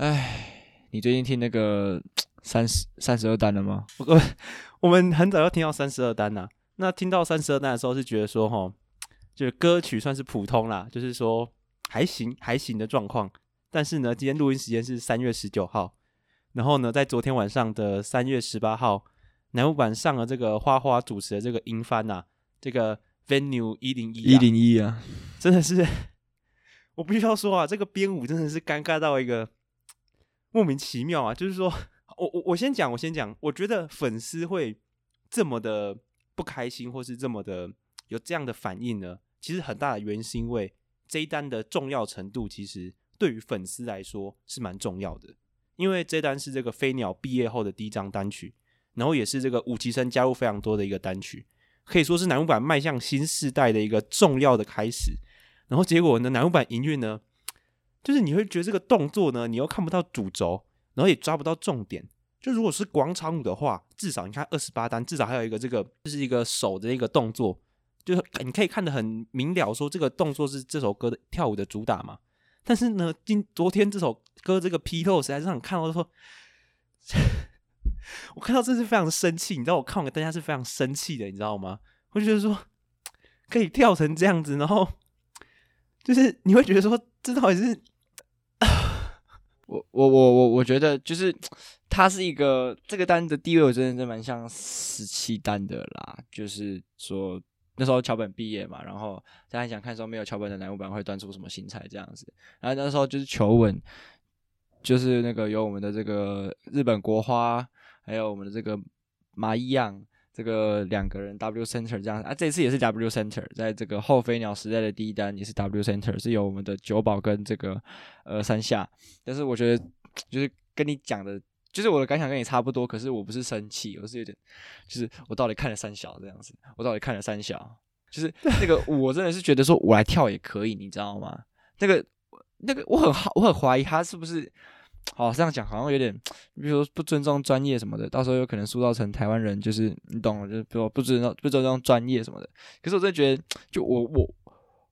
哎，你最近聽那個三十三十二單了嗎？我我們很早就聽到三十二單啦，啊，那聽到三十二單的時候是覺得說，哦，哈，就是歌曲算是普通啦，就是說還行還行的狀況。但是呢，今天錄音時間是三月十九號，然後呢，在昨天晚上的三月十八號，南部版上了這個花花主持的這個音番吶，啊，這個 Venue 一零一啊，一零一啊，真的是我必須要說啊，這個編舞真的是尷尬到一個。莫名其妙啊！就是說，我我我先講，我先講。我覺得粉絲會這麼的不開心，或是這麼的有這樣的反應呢？其實很大的原因是因為這一單的重要程度，其實對於粉絲來說是蠻重要的。因為這單是這個飛鳥畢業後的第一張單曲，然後也是這個五期生加入非常多的一個單曲，可以說是乃木坂邁向新時代的一個重要的開始。然後結果呢，乃木坂營運呢？就是你會覺得這個動作呢，你又看不到主軸，然後也抓不到重點。就如果是廣場舞的話，至少你看二十八單，至少還有一個這個，就是一個手的一個動作，就是你可以看得很明了，說這個動作是這首歌的跳舞的主打嘛。但是呢，今昨天這首歌這個披透，實在是看到後。 我看到這是非常生氣，你知道我看我大家是非常生氣的，你知道嗎？我覺得說可以跳成這樣子，然後就是你會覺得說這到底是。我我我我我覺得就是他是一個這個單的地位，我真的真的蠻像十七單的啦。就是說那時候橋本畢業嘛，然後大家想看說沒有橋本的乃木坂會端出什麼新菜這樣子。然後那時候就是求穩，就是那個有我們的這個日本國花，還有我們的這個麻衣樣。這個兩個人 W Center 這樣子啊，這一次也是 W Center，在這個後飛鳥時代的第一單也是 W Center，是由我們的久保跟這個呃山下。但是我覺得就是跟你講的，就是我的感想跟你差不多。可是我不是生氣，我是有點，就是我到底看了三小這樣子，我到底看了三小，就是那個我真的是覺得說，我來跳也可以，你知道嗎？那個那個我很好，我很懷疑他是不是。好、哦、這樣講好像有點，比如說不尊重專業什麼的，到時候有可能塑造成台灣人就是你懂，就是比如說不尊重不尊重專業什麼的。可是我真的覺得，就我我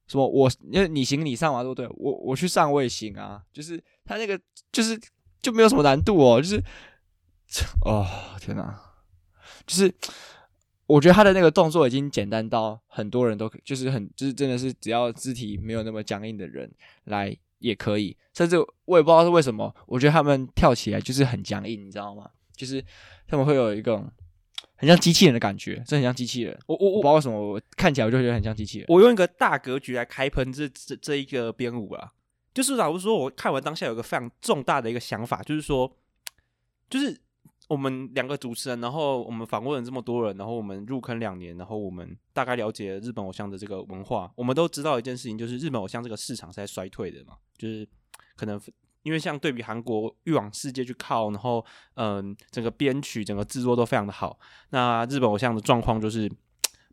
什麼我，因為你行你上嘛，對不對，我我去上我也行啊，就是他那個就是就沒有什麼難度哦，就是哦、呃、天吶，就是我覺得他的那個動作已經簡單到很多人都就是很就是真的是只要肢體沒有那麼僵硬的人來也可以，甚至我也不知道是為什麼，我覺得他們跳起來就是很僵硬，你知道嗎？就是他們會有一個很像機器人的感覺，真的很像機器人。我我我，我不知道為什麼，我看起來我就覺得很像機器人。我用一個大格局來開噴這這這一個編舞啊，就是假如說我看完當下有個非常重大的一個想法，就是說，就是。我們兩個主持人，然後我們訪問了這麼多人，然後我們入坑兩年，然後我們大概了解了日本偶像的這個文化。我們都知道一件事情，就是日本偶像這個市場是在衰退的嘛，就是可能因為像對比韓國越往世界去靠，然後嗯，整個編曲、整個製作都非常的好。那日本偶像的狀況就是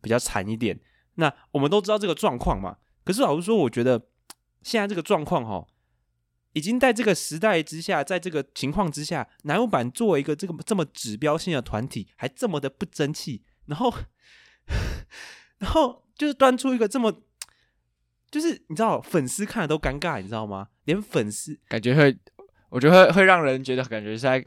比較慘一點。那我們都知道這個狀況嘛，可是老實說，我覺得現在這個狀況吼，已經在這個時代之下，在這個情況之下，乃木坂作為一個這個這麼指標性的團體，還這麼的不爭氣，然後，然後就是端出一個這麼，就是你知道粉絲看了都尷尬，你知道嗎？連粉絲感覺會。我覺得會會讓人覺得感覺是在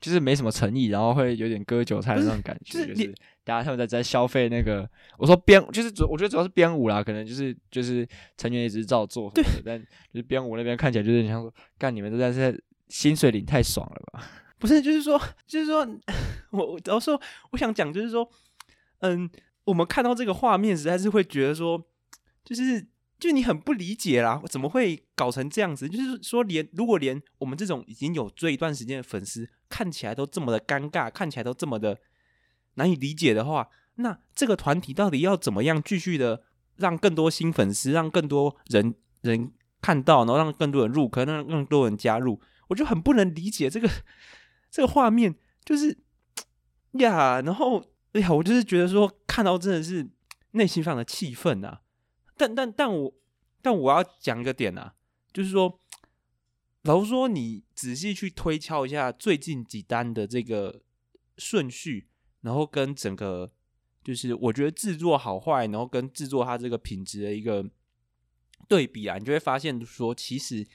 就是沒什麼誠意，然後會有點割韭菜的那種感覺，就是大家他們在在消費那個。我說編就是主，我覺得主要是編舞啦，可能就是就是成員一直照做，對。但就是編舞那邊看起來就是你想說幹，你們都在在薪水領太爽了吧？不是，就是說就是說我然後說我想講就是說嗯，我們看到這個畫面實在是會覺得說就是。就你很不理解啦，怎麼會搞成這樣子？就是說連，連如果連我們這種已經有追一段時間的粉絲，看起來都這麼的尷尬，看起來都這麼的難以理解的話，那這個團體到底要怎麼樣繼續的讓更多新粉絲，讓更多人人看到，然後讓更多人入坑，讓讓更多人加入？我就很不能理解這個這個畫面，就是呀，然後哎呀，我就是覺得說，看到真的是內心上的氣憤啊。但但但我，但我要講一個點啊，就是說，老實說，你仔細去推敲一下最近幾單的這個順序，然後跟整個就是我覺得製作好壞，然後跟製作它這個品質的一個對比啊，你就會發現說，其實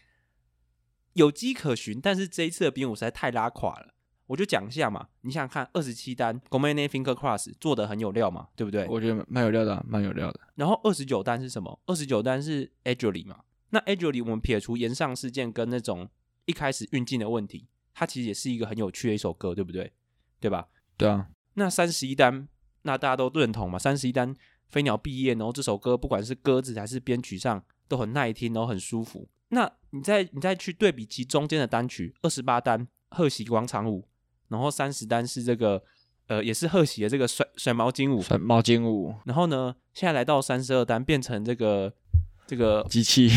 有跡可循，但是這一次的編舞實在太拉垮了。我就講一下嘛，你想想看，二十七單《Gomenne Fingers Crossed》做得很有料嘛，對不對？我覺得蠻有料的，蠻有料的。然後二十九單是什麼？二十九單是《Actually》嘛。那《Actually》我們撇除炎上事件跟那種一開始運鏡的問題，它其實也是一個很有趣的一首歌，對不對？對吧？對啊。那三十一單，那大家都認同嘛？三十一單《飛鳥畢業》，然後這首歌不管是歌詞還是編曲上都很耐聽，然後很舒服。那你再你再去對比其中間的單曲，二十八單《賀喜廣場舞》。然後三十單是這個，呃，也是賀喜的這個甩甩毛巾舞，甩毛巾舞。然後呢，現在來到三十二單，變成這個這個機器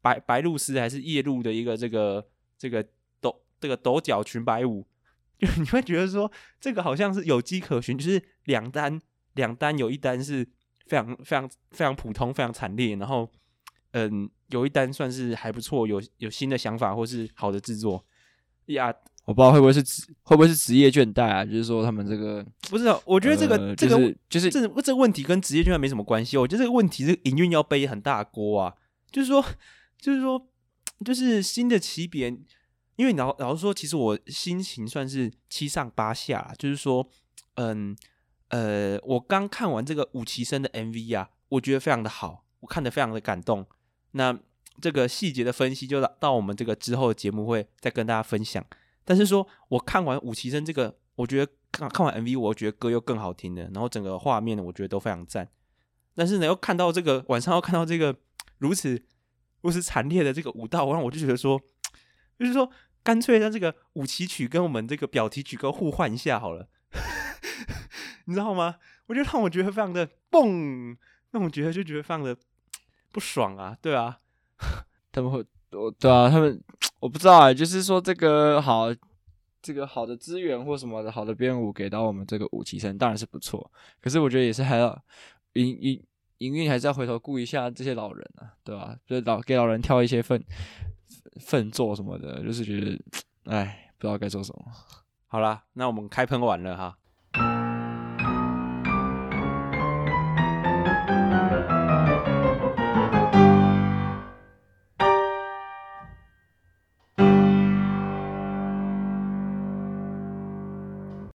白白露絲還是夜露的一個這個這個抖這個抖腳裙擺舞，就你會覺得說這個好像是有跡可循，就是兩單兩單有一單是非常非常非常普通非常慘烈，然後嗯有一單算是還不錯，有有新的想法或是好的制作呀。Yeah, 我不知道會不會是職，會不會是職業倦怠啊？就是說他們這個不是、啊，我覺得這個、呃、這個就是、就是、這這問題跟職業倦怠沒什麼關係。我覺得這個問題是營運要背很大鍋啊！就是說，就是說，就是新的起點，因為老老實說，其實我心情算是七上八下。就是說，嗯呃，我剛看完這個五其生的 MV 啊，我覺得非常的好，我看的非常的感動。那這個細節的分析，就到我們這個之後的節目會再跟大家分享。但是說我看完五期生這個，我覺得看看完 MV，我覺得歌又更好聽了，然後整個畫面呢，我覺得都非常讚。但是呢，又看到這個晚上又看到這個如此如此慘烈的這個舞蹈，讓我就覺得說，就是說乾脆讓這個五期曲跟我們這個表題曲歌互換一下好了， 你知道嗎？我就讓我覺得放的嘣，那我覺得就覺得放的不爽啊，對啊，他們會，我對啊，他們。我不知道啊、欸，就是說這個好，這個好的資源或什麼的好的編舞給到我們這個五期生當然是不錯，可是我覺得也是還要營營營運還是要回頭顧一下這些老人啊，對吧、啊？就老給老人挑一些份份做什麼的，就是覺得哎，不知道該做什麼。好啦，那我們開噴完了哈。